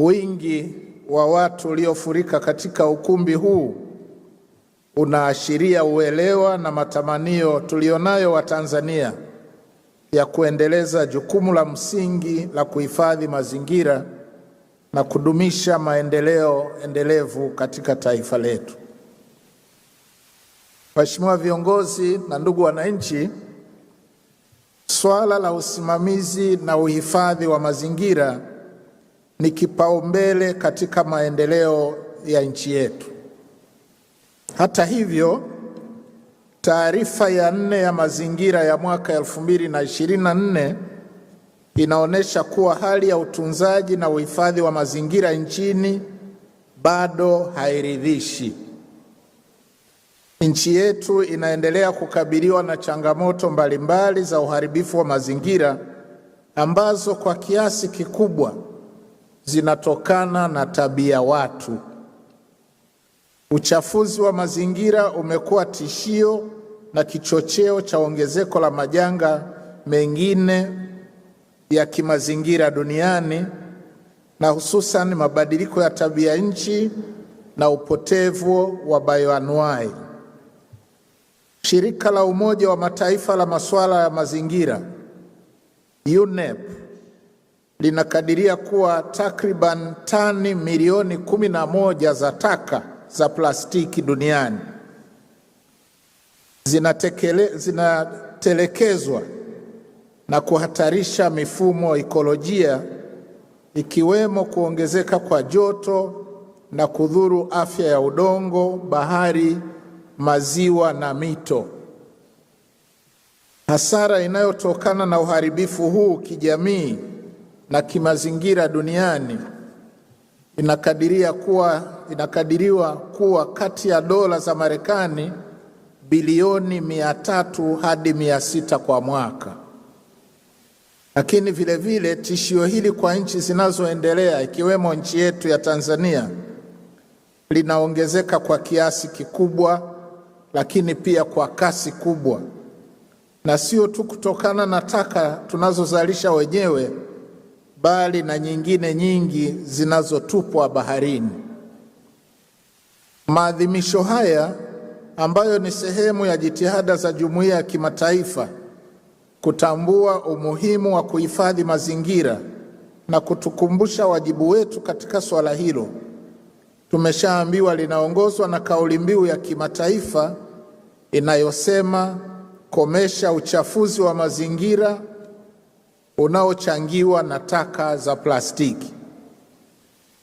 Wingi wa watu uliofurika katika ukumbi huu unaashiria uelewa na matamanio tulionayo Watanzania ya kuendeleza jukumu la msingi la kuhifadhi mazingira na kudumisha maendeleo endelevu katika taifa letu. Waheshimiwa viongozi na ndugu wananchi, swala la usimamizi na uhifadhi wa mazingira ni kipaumbele katika maendeleo ya nchi yetu. Hata hivyo, taarifa ya nne ya mazingira ya mwaka 2024 inaonyesha kuwa hali ya utunzaji na uhifadhi wa mazingira nchini bado hairidhishi. Nchi yetu inaendelea kukabiliwa na changamoto mbalimbali za uharibifu wa mazingira ambazo kwa kiasi kikubwa zinatokana na tabia watu. Uchafuzi wa mazingira umekuwa tishio na kichocheo cha ongezeko la majanga mengine ya kimazingira duniani na hususan mabadiliko ya tabia nchi na upotevu wa bayoanuai. Shirika la Umoja wa Mataifa la masuala ya mazingira UNEP linakadiria kuwa takriban tani milioni kumi na moja za taka za plastiki duniani zinatelekezwa na kuhatarisha mifumo ikolojia, ikiwemo kuongezeka kwa joto na kudhuru afya ya udongo, bahari, maziwa na mito. Hasara inayotokana na uharibifu huu kijamii na kimazingira duniani inakadiria kuwa, inakadiriwa kuwa kati ya dola za Marekani bilioni mia tatu hadi mia sita kwa mwaka. Lakini vile vile tishio hili kwa nchi zinazoendelea ikiwemo nchi yetu ya Tanzania linaongezeka kwa kiasi kikubwa, lakini pia kwa kasi kubwa, na sio tu kutokana na taka tunazozalisha wenyewe bali na nyingine nyingi zinazotupwa baharini. Maadhimisho haya ambayo ni sehemu ya jitihada za jumuiya ya kimataifa kutambua umuhimu wa kuhifadhi mazingira na kutukumbusha wajibu wetu katika swala hilo, tumeshaambiwa linaongozwa na kauli mbiu ya kimataifa inayosema komesha uchafuzi wa mazingira unaochangiwa na taka za plastiki.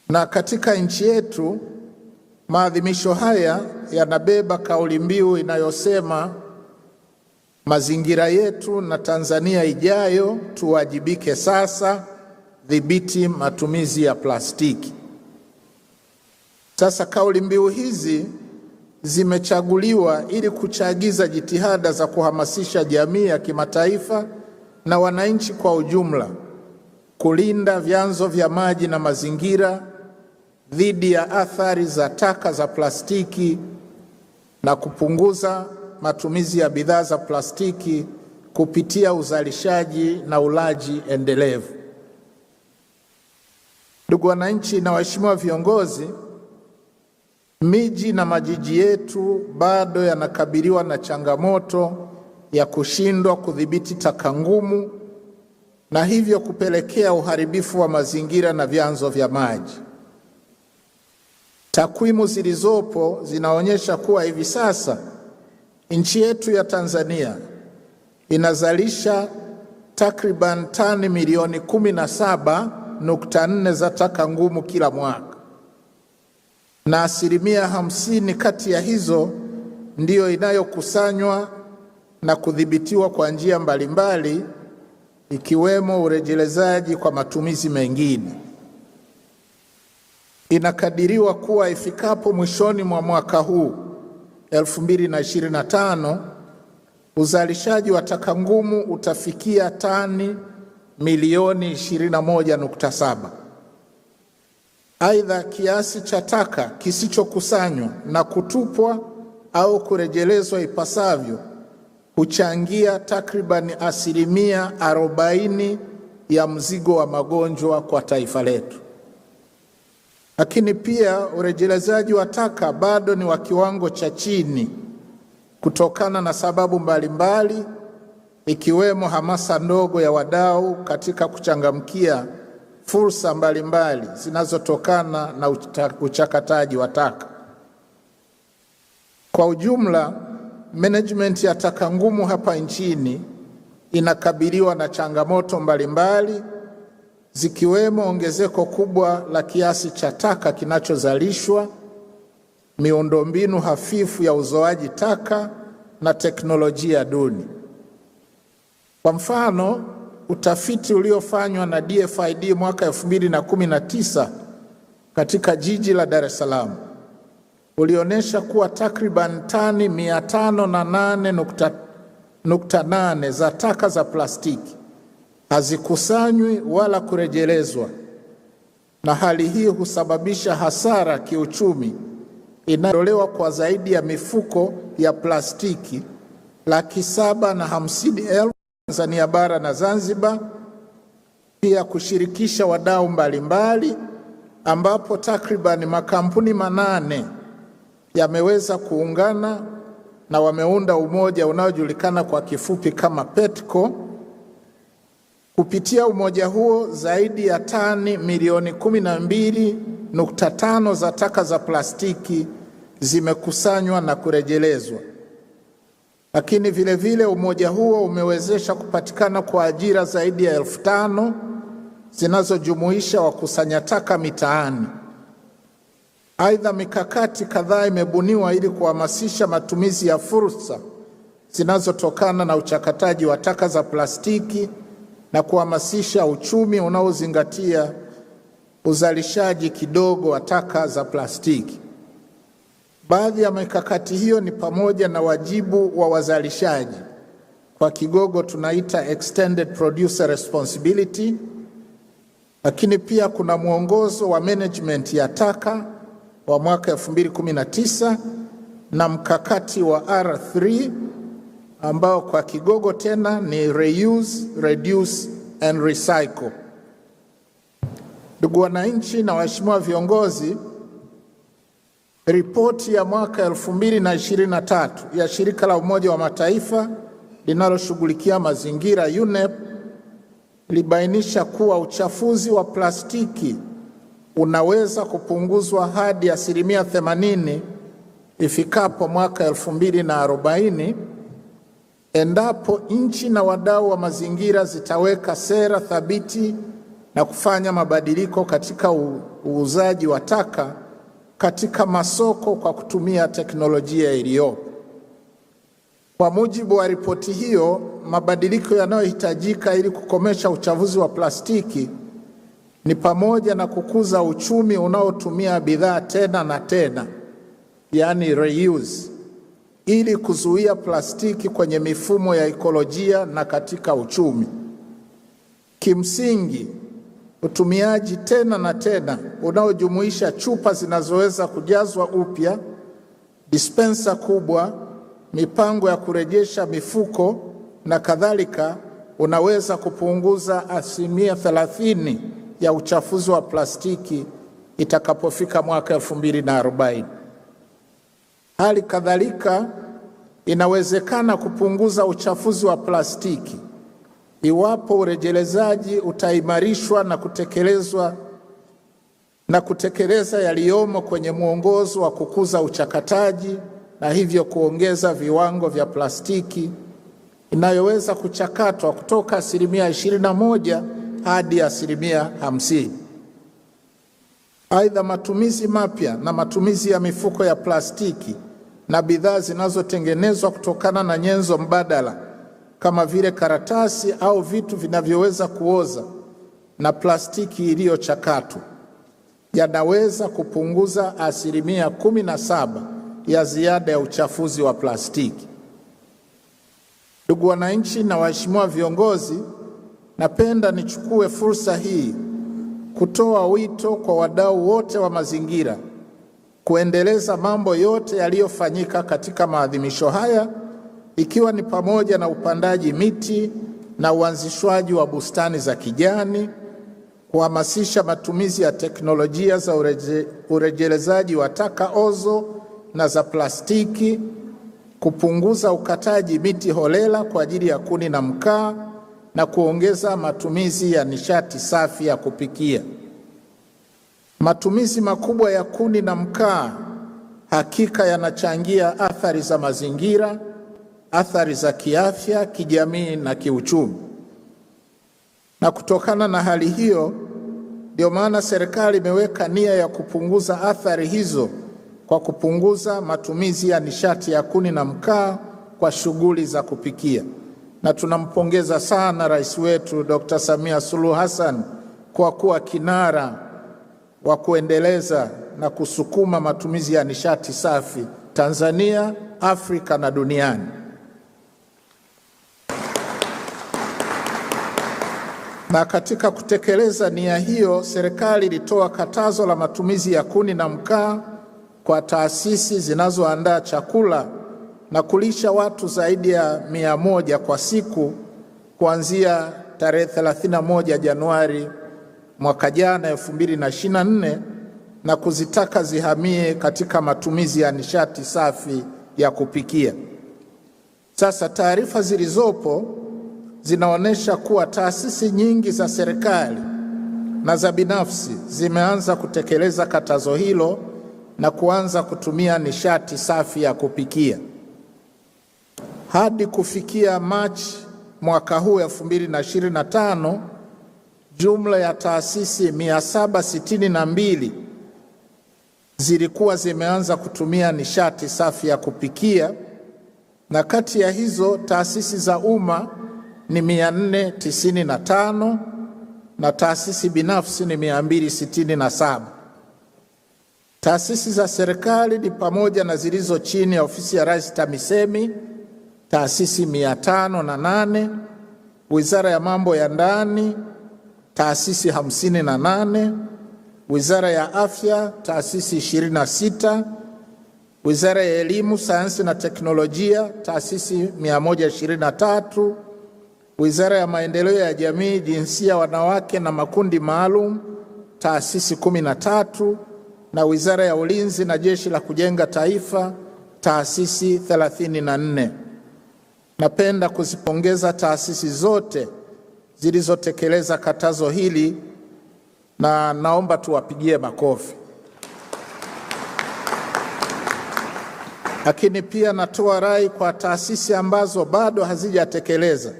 Na katika nchi yetu maadhimisho haya yanabeba kauli mbiu inayosema mazingira yetu na Tanzania ijayo, tuwajibike sasa, dhibiti matumizi ya plastiki. Sasa kauli mbiu hizi zimechaguliwa ili kuchagiza jitihada za kuhamasisha jamii ya kimataifa na wananchi kwa ujumla kulinda vyanzo vya maji na mazingira dhidi ya athari za taka za plastiki na kupunguza matumizi ya bidhaa za plastiki kupitia uzalishaji na ulaji endelevu. Ndugu wananchi na waheshimiwa viongozi, miji na majiji yetu bado yanakabiliwa na changamoto ya kushindwa kudhibiti taka ngumu na hivyo kupelekea uharibifu wa mazingira na vyanzo vya maji. Takwimu zilizopo zinaonyesha kuwa hivi sasa nchi yetu ya Tanzania inazalisha takriban tani milioni 17.4 za taka ngumu kila mwaka, na asilimia 50 kati ya hizo ndiyo inayokusanywa na kudhibitiwa kwa njia mbalimbali ikiwemo urejelezaji kwa matumizi mengine. Inakadiriwa kuwa ifikapo mwishoni mwa mwaka huu 2025 uzalishaji wa taka ngumu utafikia tani milioni 21.7. Aidha, kiasi cha taka kisichokusanywa na kutupwa au kurejelezwa ipasavyo huchangia takriban asilimia 40 ya mzigo wa magonjwa kwa taifa letu. Lakini pia urejelezaji wa taka bado ni wa kiwango cha chini kutokana na sababu mbalimbali mbali, ikiwemo hamasa ndogo ya wadau katika kuchangamkia fursa mbalimbali zinazotokana na uchakataji wa taka. Kwa ujumla management ya taka ngumu hapa nchini inakabiliwa na changamoto mbalimbali zikiwemo ongezeko kubwa la kiasi cha taka kinachozalishwa, miundombinu hafifu ya uzoaji taka na teknolojia duni. Kwa mfano, utafiti uliofanywa na DFID mwaka 2019 katika jiji la Dar es Salaam ulionyesha kuwa takriban tani 508.8 za taka za plastiki hazikusanywi wala kurejelezwa, na hali hii husababisha hasara kiuchumi inayotolewa kwa zaidi ya mifuko ya plastiki laki saba na hamsini elfu Tanzania bara na Zanzibar, pia kushirikisha wadau mbalimbali, ambapo takribani makampuni manane yameweza kuungana na wameunda umoja unaojulikana kwa kifupi kama Petco. Kupitia umoja huo, zaidi ya tani milioni 12.5 za taka za plastiki zimekusanywa na kurejelezwa. Lakini vile vile umoja huo umewezesha kupatikana kwa ajira zaidi ya elfu tano zinazojumuisha wakusanya taka mitaani. Aidha, mikakati kadhaa imebuniwa ili kuhamasisha matumizi ya fursa zinazotokana na uchakataji wa taka za plastiki na kuhamasisha uchumi unaozingatia uzalishaji kidogo wa taka za plastiki. Baadhi ya mikakati hiyo ni pamoja na wajibu wa wazalishaji, kwa kigogo tunaita extended producer responsibility, lakini pia kuna mwongozo wa management ya taka wa mwaka 2019 na mkakati wa R3 ambao kwa kigogo tena ni reuse, reduce and recycle. Ndugu wananchi na waheshimiwa viongozi, ripoti ya mwaka 2023 ya shirika la Umoja wa Mataifa linaloshughulikia mazingira UNEP ilibainisha kuwa uchafuzi wa plastiki unaweza kupunguzwa hadi asilimia themanini ifikapo mwaka elfu mbili na arobaini endapo nchi na wadau wa mazingira zitaweka sera thabiti na kufanya mabadiliko katika uuzaji wa taka katika masoko kwa kutumia teknolojia iliyopo. Kwa mujibu wa ripoti hiyo, mabadiliko yanayohitajika ili kukomesha uchafuzi wa plastiki ni pamoja na kukuza uchumi unaotumia bidhaa tena na tena, yani reuse, ili kuzuia plastiki kwenye mifumo ya ekolojia na katika uchumi. Kimsingi, utumiaji tena na tena unaojumuisha chupa zinazoweza kujazwa upya, dispensa kubwa, mipango ya kurejesha mifuko na kadhalika, unaweza kupunguza asilimia thelathini ya uchafuzi wa plastiki itakapofika mwaka elfu mbili na arobaini. Hali kadhalika inawezekana kupunguza uchafuzi wa plastiki iwapo urejelezaji utaimarishwa na kutekelezwa na kutekeleza yaliyomo kwenye mwongozo wa kukuza uchakataji na hivyo kuongeza viwango vya plastiki inayoweza kuchakatwa kutoka asilimia 21 hadi asilimia hamsini. Aidha, matumizi mapya na matumizi ya mifuko ya plastiki na bidhaa zinazotengenezwa kutokana na nyenzo mbadala kama vile karatasi au vitu vinavyoweza kuoza na plastiki iliyochakatwa yanaweza kupunguza asilimia kumi na saba ya ziada ya uchafuzi wa plastiki. Ndugu wananchi na waheshimiwa viongozi, Napenda nichukue fursa hii kutoa wito kwa wadau wote wa mazingira kuendeleza mambo yote yaliyofanyika katika maadhimisho haya ikiwa ni pamoja na upandaji miti na uanzishwaji wa bustani za kijani, kuhamasisha matumizi ya teknolojia za ureje, urejelezaji wa taka ozo na za plastiki, kupunguza ukataji miti holela kwa ajili ya kuni na mkaa na kuongeza matumizi ya nishati safi ya kupikia. Matumizi makubwa ya kuni na mkaa hakika yanachangia athari za mazingira, athari za kiafya, kijamii na kiuchumi. Na kutokana na hali hiyo, ndio maana serikali imeweka nia ya kupunguza athari hizo kwa kupunguza matumizi ya nishati ya kuni na mkaa kwa shughuli za kupikia na tunampongeza sana rais wetu Dr. Samia Suluhu Hassan kwa kuwa kinara wa kuendeleza na kusukuma matumizi ya nishati safi Tanzania, Afrika na duniani. Na katika kutekeleza nia hiyo, serikali ilitoa katazo la matumizi ya kuni na mkaa kwa taasisi zinazoandaa chakula na kulisha watu zaidi ya mia moja kwa siku kuanzia tarehe 31 Januari mwaka jana 2024 na kuzitaka zihamie katika matumizi ya nishati safi ya kupikia. Sasa taarifa zilizopo zinaonyesha kuwa taasisi nyingi za serikali na za binafsi zimeanza kutekeleza katazo hilo na kuanza kutumia nishati safi ya kupikia hadi kufikia Machi mwaka huu tano jumla ya taasisi 762 zilikuwa zimeanza kutumia nishati safi ya kupikia na kati ya hizo taasisi za umma ni 495 na taasisi binafsi ni 267. Taasisi za serikali ni pamoja na zilizo chini ya ofisi ya Rais TAMISEMI taasisi mia tano na nane wizara ya mambo ya ndani taasisi hamsini na nane wizara ya afya taasisi ishirini na sita wizara ya elimu sayansi na teknolojia taasisi mia moja ishirini na tatu wizara ya maendeleo ya jamii jinsia wanawake na makundi maalum taasisi kumi na tatu na wizara ya ulinzi na jeshi la kujenga taifa taasisi thelathini na nne. Napenda kuzipongeza taasisi zote zilizotekeleza katazo hili na naomba tuwapigie makofi. Lakini pia natoa rai kwa taasisi ambazo bado hazijatekeleza,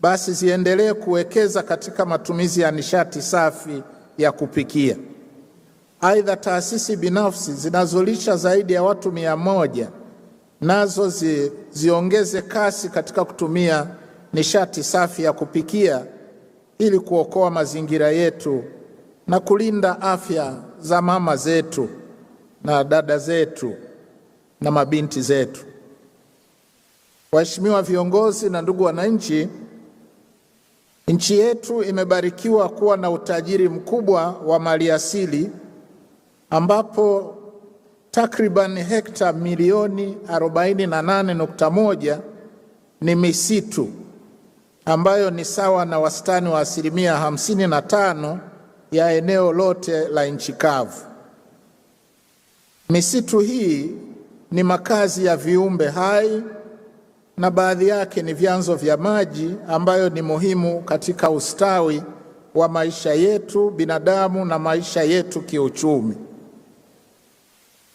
basi ziendelee kuwekeza katika matumizi ya nishati safi ya kupikia. Aidha, taasisi binafsi zinazolisha zaidi ya watu mia moja nazo zi, ziongeze kasi katika kutumia nishati safi ya kupikia ili kuokoa mazingira yetu na kulinda afya za mama zetu na dada zetu na mabinti zetu. Waheshimiwa viongozi na ndugu wananchi, nchi yetu imebarikiwa kuwa na utajiri mkubwa wa maliasili ambapo takriban hekta milioni 48.1 ni misitu ambayo ni sawa na wastani wa asilimia 55 ya eneo lote la nchi kavu. Misitu hii ni makazi ya viumbe hai na baadhi yake ni vyanzo vya maji ambayo ni muhimu katika ustawi wa maisha yetu binadamu na maisha yetu kiuchumi.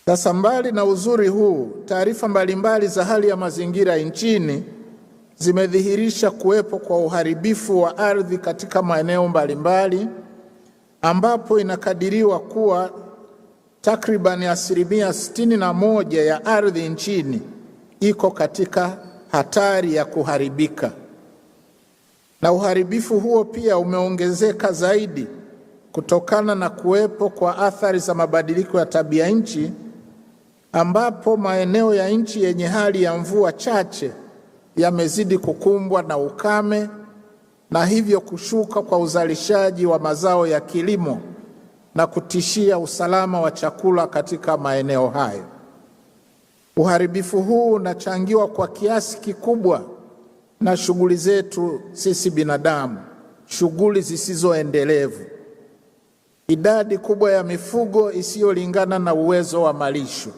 Sasa, mbali na uzuri huu, taarifa mbalimbali za hali ya mazingira nchini zimedhihirisha kuwepo kwa uharibifu wa ardhi katika maeneo mbalimbali ambapo inakadiriwa kuwa takribani asilimia sitini na moja ya ardhi nchini iko katika hatari ya kuharibika, na uharibifu huo pia umeongezeka zaidi kutokana na kuwepo kwa athari za mabadiliko ya tabia nchi ambapo maeneo ya nchi yenye hali ya mvua chache yamezidi kukumbwa na ukame na hivyo kushuka kwa uzalishaji wa mazao ya kilimo na kutishia usalama wa chakula katika maeneo hayo. Uharibifu huu unachangiwa kwa kiasi kikubwa na shughuli zetu sisi binadamu, shughuli zisizoendelevu. Idadi kubwa ya mifugo isiyolingana na uwezo wa malisho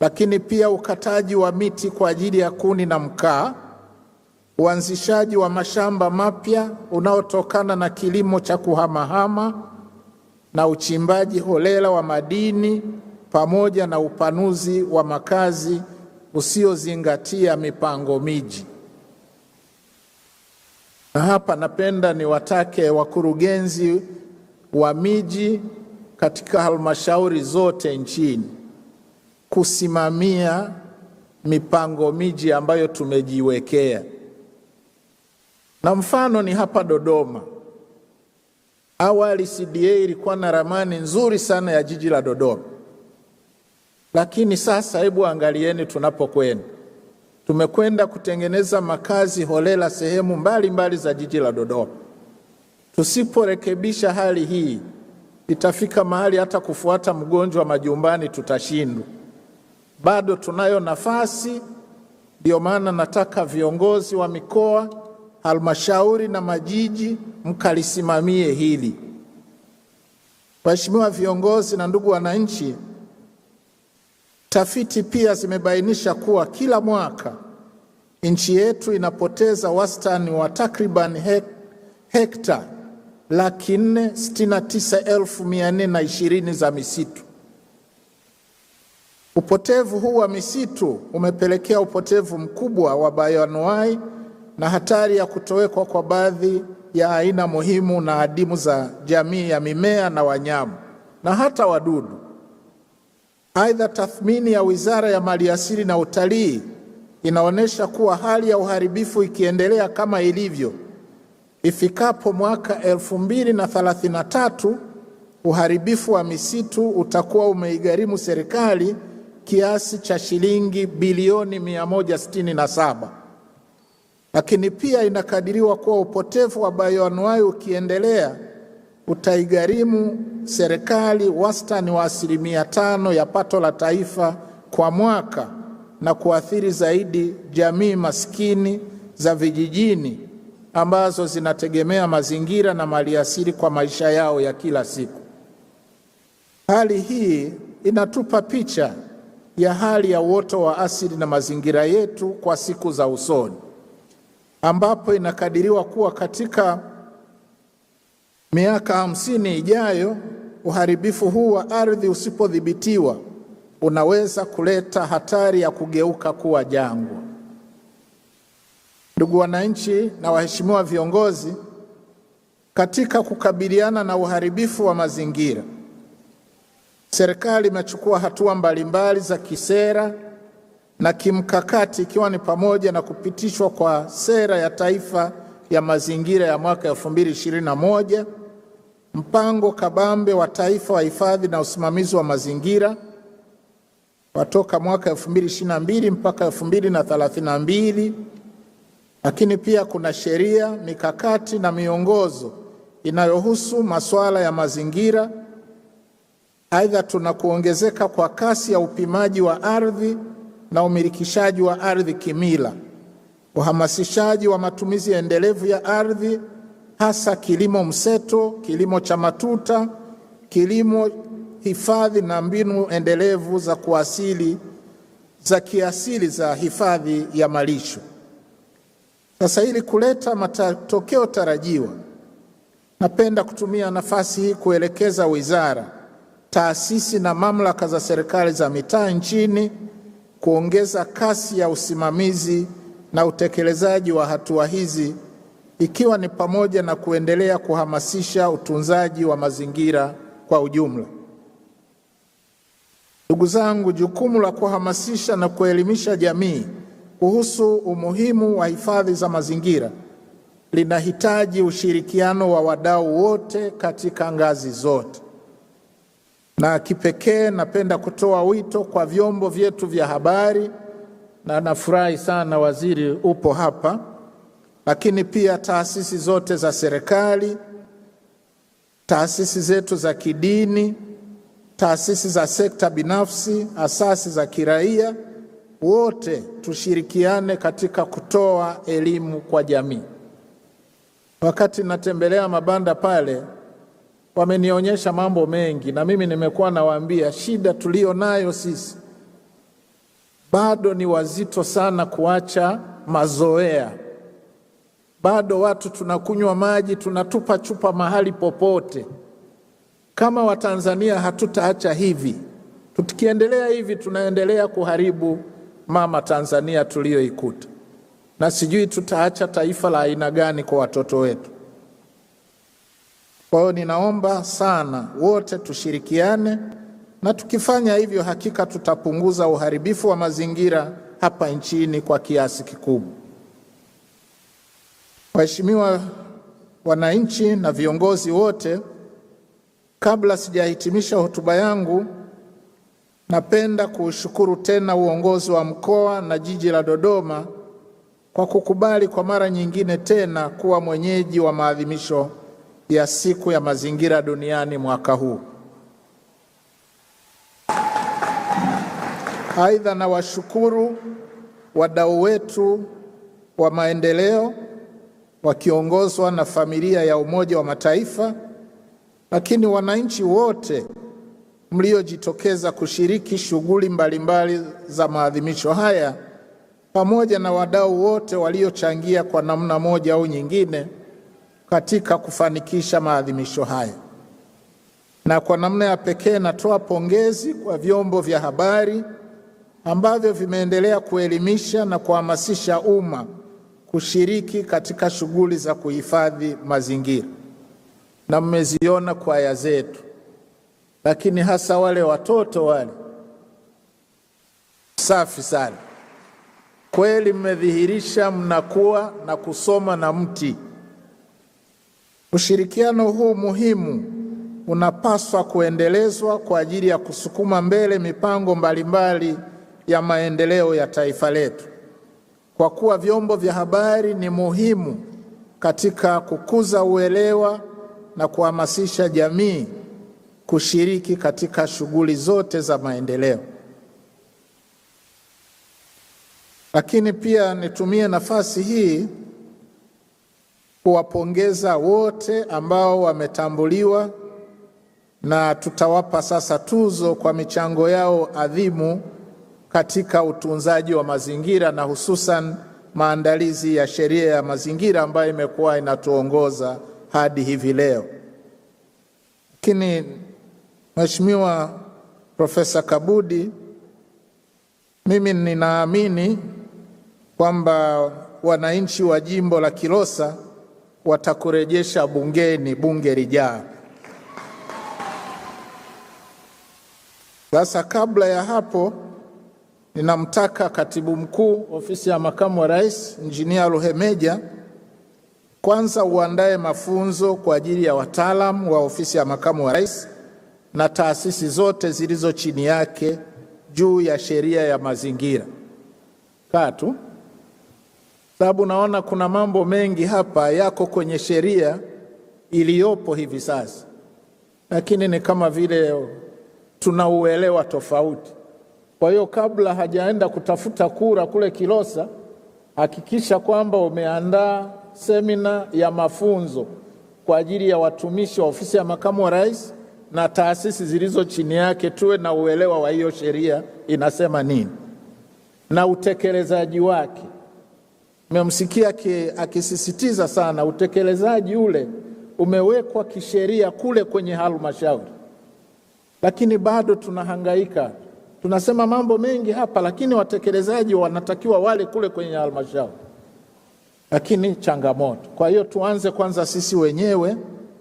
lakini pia ukataji wa miti kwa ajili ya kuni na mkaa, uanzishaji wa mashamba mapya unaotokana na kilimo cha kuhamahama na uchimbaji holela wa madini pamoja na upanuzi wa makazi usiozingatia mipango miji. Na hapa napenda niwatake wakurugenzi wa miji katika halmashauri zote nchini kusimamia mipango miji ambayo tumejiwekea, na mfano ni hapa Dodoma. Awali CDA ilikuwa na ramani nzuri sana ya jiji la Dodoma, lakini sasa hebu angalieni tunapokwenda. Tumekwenda kutengeneza makazi holela sehemu mbalimbali mbali za jiji la Dodoma. Tusiporekebisha hali hii, itafika mahali hata kufuata mgonjwa majumbani tutashindwa bado tunayo nafasi. Ndio maana nataka viongozi wa mikoa, halmashauri na majiji mkalisimamie hili. Waheshimiwa viongozi na ndugu wananchi, tafiti pia zimebainisha kuwa kila mwaka nchi yetu inapoteza wastani wa takriban hek hekta laki nne sitini na tisa elfu mia nne na ishirini za misitu Upotevu huu wa misitu umepelekea upotevu mkubwa wa bayoanuai na hatari ya kutowekwa kwa baadhi ya aina muhimu na adimu za jamii ya mimea na wanyama na hata wadudu. Aidha, tathmini ya Wizara ya Maliasili na Utalii inaonyesha kuwa hali ya uharibifu ikiendelea kama ilivyo, ifikapo mwaka elfu tatu uharibifu wa misitu utakuwa umeigharimu serikali kiasi cha shilingi bilioni 167, lakini pia inakadiriwa kuwa upotevu wa bayoanuai ukiendelea utaigharimu serikali wastani wa asilimia tano ya pato la taifa kwa mwaka na kuathiri zaidi jamii maskini za vijijini ambazo zinategemea mazingira na maliasili kwa maisha yao ya kila siku. Hali hii inatupa picha ya hali ya uoto wa asili na mazingira yetu kwa siku za usoni, ambapo inakadiriwa kuwa katika miaka hamsini ijayo uharibifu huu wa ardhi usipodhibitiwa unaweza kuleta hatari ya kugeuka kuwa jangwa. Ndugu wananchi na waheshimiwa viongozi, katika kukabiliana na uharibifu wa mazingira Serikali imechukua hatua mbalimbali za kisera na kimkakati ikiwa ni pamoja na kupitishwa kwa sera ya taifa ya mazingira ya mwaka 2021, mpango kabambe wa taifa wa hifadhi na usimamizi wa mazingira watoka mwaka 2022 mpaka 2032, lakini pia kuna sheria, mikakati na miongozo inayohusu masuala ya mazingira Aidha, tuna kuongezeka kwa kasi ya upimaji wa ardhi na umilikishaji wa ardhi kimila, uhamasishaji wa matumizi endelevu ya ardhi, hasa kilimo mseto, kilimo cha matuta, kilimo hifadhi na mbinu endelevu za kuasili za kiasili za hifadhi ya malisho. Sasa ili kuleta matokeo tarajiwa, napenda kutumia nafasi hii kuelekeza wizara taasisi na mamlaka za serikali za mitaa nchini kuongeza kasi ya usimamizi na utekelezaji wa hatua hizi ikiwa ni pamoja na kuendelea kuhamasisha utunzaji wa mazingira kwa ujumla. Ndugu zangu, jukumu la kuhamasisha na kuelimisha jamii kuhusu umuhimu wa hifadhi za mazingira linahitaji ushirikiano wa wadau wote katika ngazi zote. Na kipekee napenda kutoa wito kwa vyombo vyetu vya habari, na nafurahi sana waziri upo hapa, lakini pia taasisi zote za serikali, taasisi zetu za kidini, taasisi za sekta binafsi, asasi za kiraia, wote tushirikiane katika kutoa elimu kwa jamii. Wakati natembelea mabanda pale wamenionyesha mambo mengi, na mimi nimekuwa nawaambia shida tuliyo nayo sisi bado ni wazito sana kuacha mazoea. Bado watu tunakunywa maji, tunatupa chupa mahali popote. Kama Watanzania hatutaacha hivi, tukiendelea hivi, tunaendelea kuharibu mama Tanzania tuliyoikuta, na sijui tutaacha taifa la aina gani kwa watoto wetu. Kwa hiyo ninaomba sana wote tushirikiane, na tukifanya hivyo hakika tutapunguza uharibifu wa mazingira hapa nchini kwa kiasi kikubwa. Waheshimiwa wananchi na viongozi wote, kabla sijahitimisha hotuba yangu, napenda kuushukuru tena uongozi wa mkoa na jiji la Dodoma kwa kukubali kwa mara nyingine tena kuwa mwenyeji wa maadhimisho ya siku ya mazingira duniani mwaka huu. Aidha, na washukuru wadau wetu wa maendeleo wakiongozwa na familia ya Umoja wa Mataifa, lakini wananchi wote mliojitokeza kushiriki shughuli mbalimbali za maadhimisho haya, pamoja na wadau wote waliochangia kwa namna moja au nyingine katika kufanikisha maadhimisho haya, na kwa namna ya pekee natoa pongezi kwa vyombo vya habari ambavyo vimeendelea kuelimisha na kuhamasisha umma kushiriki katika shughuli za kuhifadhi mazingira, na mmeziona kwaya zetu, lakini hasa wale watoto wale, safi sana kweli, mmedhihirisha mnakuwa na kusoma na mti Ushirikiano huu muhimu unapaswa kuendelezwa kwa ajili ya kusukuma mbele mipango mbalimbali ya maendeleo ya taifa letu, kwa kuwa vyombo vya habari ni muhimu katika kukuza uelewa na kuhamasisha jamii kushiriki katika shughuli zote za maendeleo. Lakini pia nitumie nafasi hii kuwapongeza wote ambao wametambuliwa na tutawapa sasa tuzo kwa michango yao adhimu katika utunzaji wa mazingira na hususan maandalizi ya sheria ya mazingira ambayo imekuwa inatuongoza hadi hivi leo. Lakini Mheshimiwa Profesa Kabudi, mimi ninaamini kwamba wananchi wa jimbo la Kilosa watakurejesha bungeni bunge lijaa. Sasa kabla ya hapo, ninamtaka katibu mkuu ofisi ya makamu wa rais Injinia Luhemeja kwanza uandae mafunzo kwa ajili ya wataalamu wa ofisi ya makamu wa rais na taasisi zote zilizo chini yake juu ya sheria ya mazingira. Tatu, sababu naona kuna mambo mengi hapa yako kwenye sheria iliyopo hivi sasa, lakini ni kama vile tunauelewa tofauti. Kwa hiyo kabla hajaenda kutafuta kura kule Kilosa, hakikisha kwamba umeandaa semina ya mafunzo kwa ajili ya watumishi wa ofisi ya makamu wa rais na taasisi zilizo chini yake, tuwe na uelewa wa hiyo sheria inasema nini na utekelezaji wake Mmemsikia akisisitiza sana utekelezaji ule umewekwa kisheria kule kwenye halmashauri, lakini bado tunahangaika. Tunasema mambo mengi hapa, lakini watekelezaji wanatakiwa wale kule kwenye halmashauri, lakini changamoto. Kwa hiyo tuanze kwanza sisi wenyewe,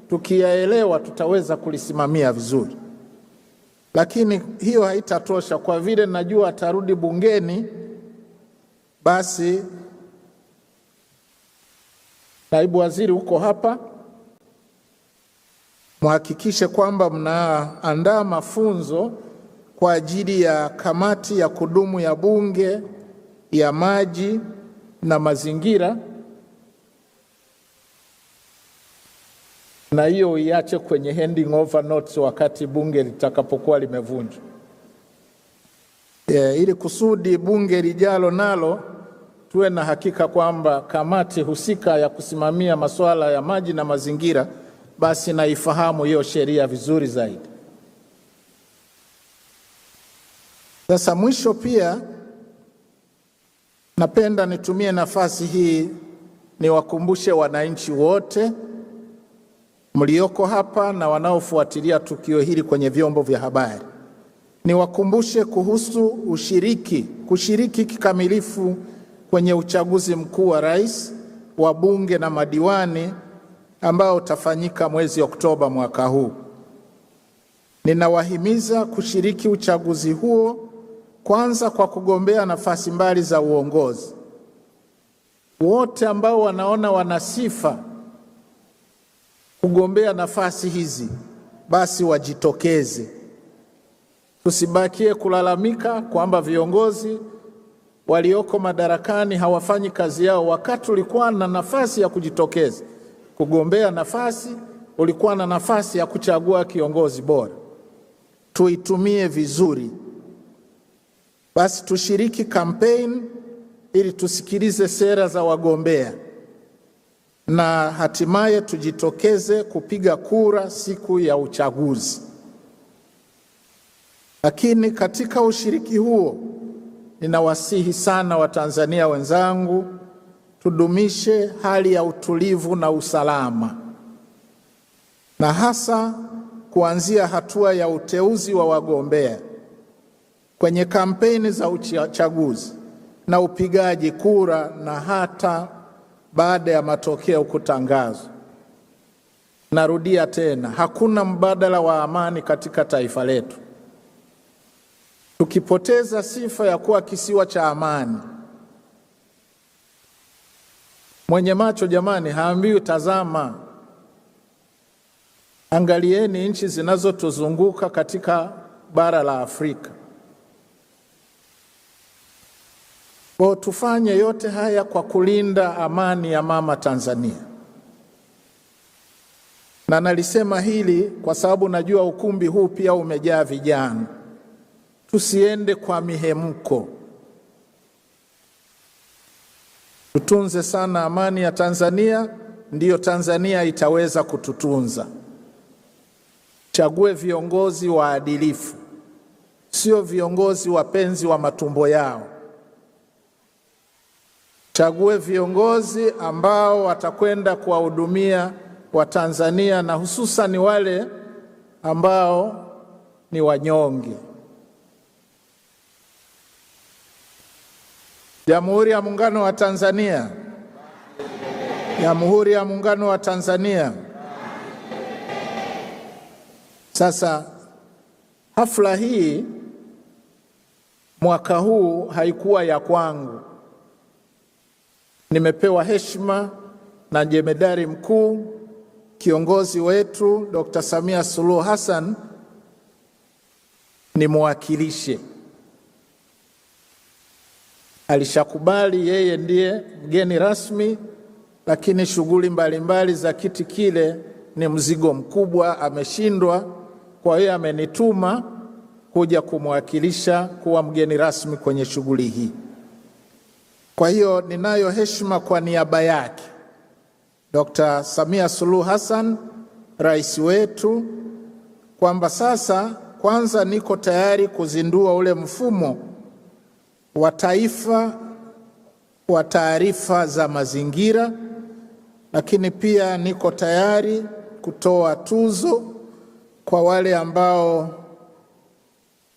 tukiyaelewa tutaweza kulisimamia vizuri. Lakini hiyo haitatosha, kwa vile najua atarudi bungeni, basi Naibu waziri huko hapa, mhakikishe kwamba mnaandaa mafunzo kwa ajili ya kamati ya kudumu ya Bunge ya maji na mazingira, na hiyo iache kwenye handing over notes wakati bunge litakapokuwa limevunjwa, yeah, ili kusudi bunge lijalo nalo tuwe na hakika kwamba kamati husika ya kusimamia masuala ya maji na mazingira basi naifahamu hiyo sheria vizuri zaidi. Sasa mwisho, pia napenda nitumie nafasi hii niwakumbushe wananchi wote mlioko hapa na wanaofuatilia tukio hili kwenye vyombo vya habari, niwakumbushe kuhusu ushiriki, kushiriki kikamilifu kwenye uchaguzi mkuu wa rais, wa bunge na madiwani ambao utafanyika mwezi Oktoba mwaka huu. Ninawahimiza kushiriki uchaguzi huo, kwanza kwa kugombea nafasi mbali za uongozi. Wote ambao wanaona wana sifa kugombea nafasi hizi, basi wajitokeze. Tusibakie kulalamika kwamba viongozi walioko madarakani hawafanyi kazi yao. Wakati ulikuwa na nafasi ya kujitokeza kugombea nafasi, ulikuwa na nafasi ya kuchagua kiongozi bora, tuitumie vizuri. Basi tushiriki kampeni ili tusikilize sera za wagombea na hatimaye tujitokeze kupiga kura siku ya uchaguzi. Lakini katika ushiriki huo ninawasihi sana Watanzania wenzangu, tudumishe hali ya utulivu na usalama, na hasa kuanzia hatua ya uteuzi wa wagombea kwenye kampeni za uchaguzi na upigaji kura na hata baada ya matokeo kutangazwa. Narudia tena, hakuna mbadala wa amani katika taifa letu kikipoteza sifa ya kuwa kisiwa cha amani. Mwenye macho jamani, haambiwi tazama. Angalieni nchi zinazotuzunguka katika bara la Afrika. Kwa tufanye yote haya kwa kulinda amani ya mama Tanzania. Na nalisema hili kwa sababu najua ukumbi huu pia umejaa vijana tusiende kwa mihemko. Tutunze sana amani ya Tanzania, ndiyo Tanzania itaweza kututunza. Chague viongozi waadilifu, sio viongozi wapenzi wa matumbo yao. Chague viongozi ambao watakwenda kuwahudumia Watanzania na hususan wale ambao ni wanyonge. Jamhuri ya Muungano wa Tanzania, Jamhuri ya Muungano wa Tanzania. Sasa hafla hii mwaka huu haikuwa ya kwangu. Nimepewa heshima na jemedari mkuu kiongozi wetu Dr. Samia Suluhu Hassan nimwakilishe. Alishakubali yeye ndiye mgeni rasmi, lakini shughuli mbalimbali za kiti kile ni mzigo mkubwa, ameshindwa. Kwa hiyo amenituma kuja kumwakilisha kuwa mgeni rasmi kwenye shughuli hii. Kwa hiyo ninayo heshima kwa niaba yake Dr. Samia Suluhu Hassan, rais wetu, kwamba sasa kwanza niko tayari kuzindua ule mfumo wa taifa wa taarifa za mazingira, lakini pia niko tayari kutoa tuzo kwa wale ambao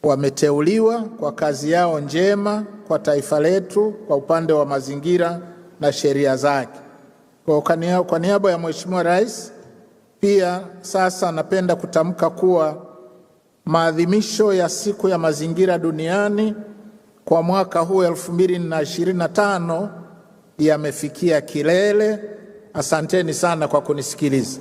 wameteuliwa kwa kazi yao njema kwa taifa letu kwa upande wa mazingira na sheria zake. Kwa niaba ya Mheshimiwa Rais, pia sasa napenda kutamka kuwa maadhimisho ya siku ya mazingira duniani kwa mwaka huu 2025 yamefikia kilele. Asanteni sana kwa kunisikiliza.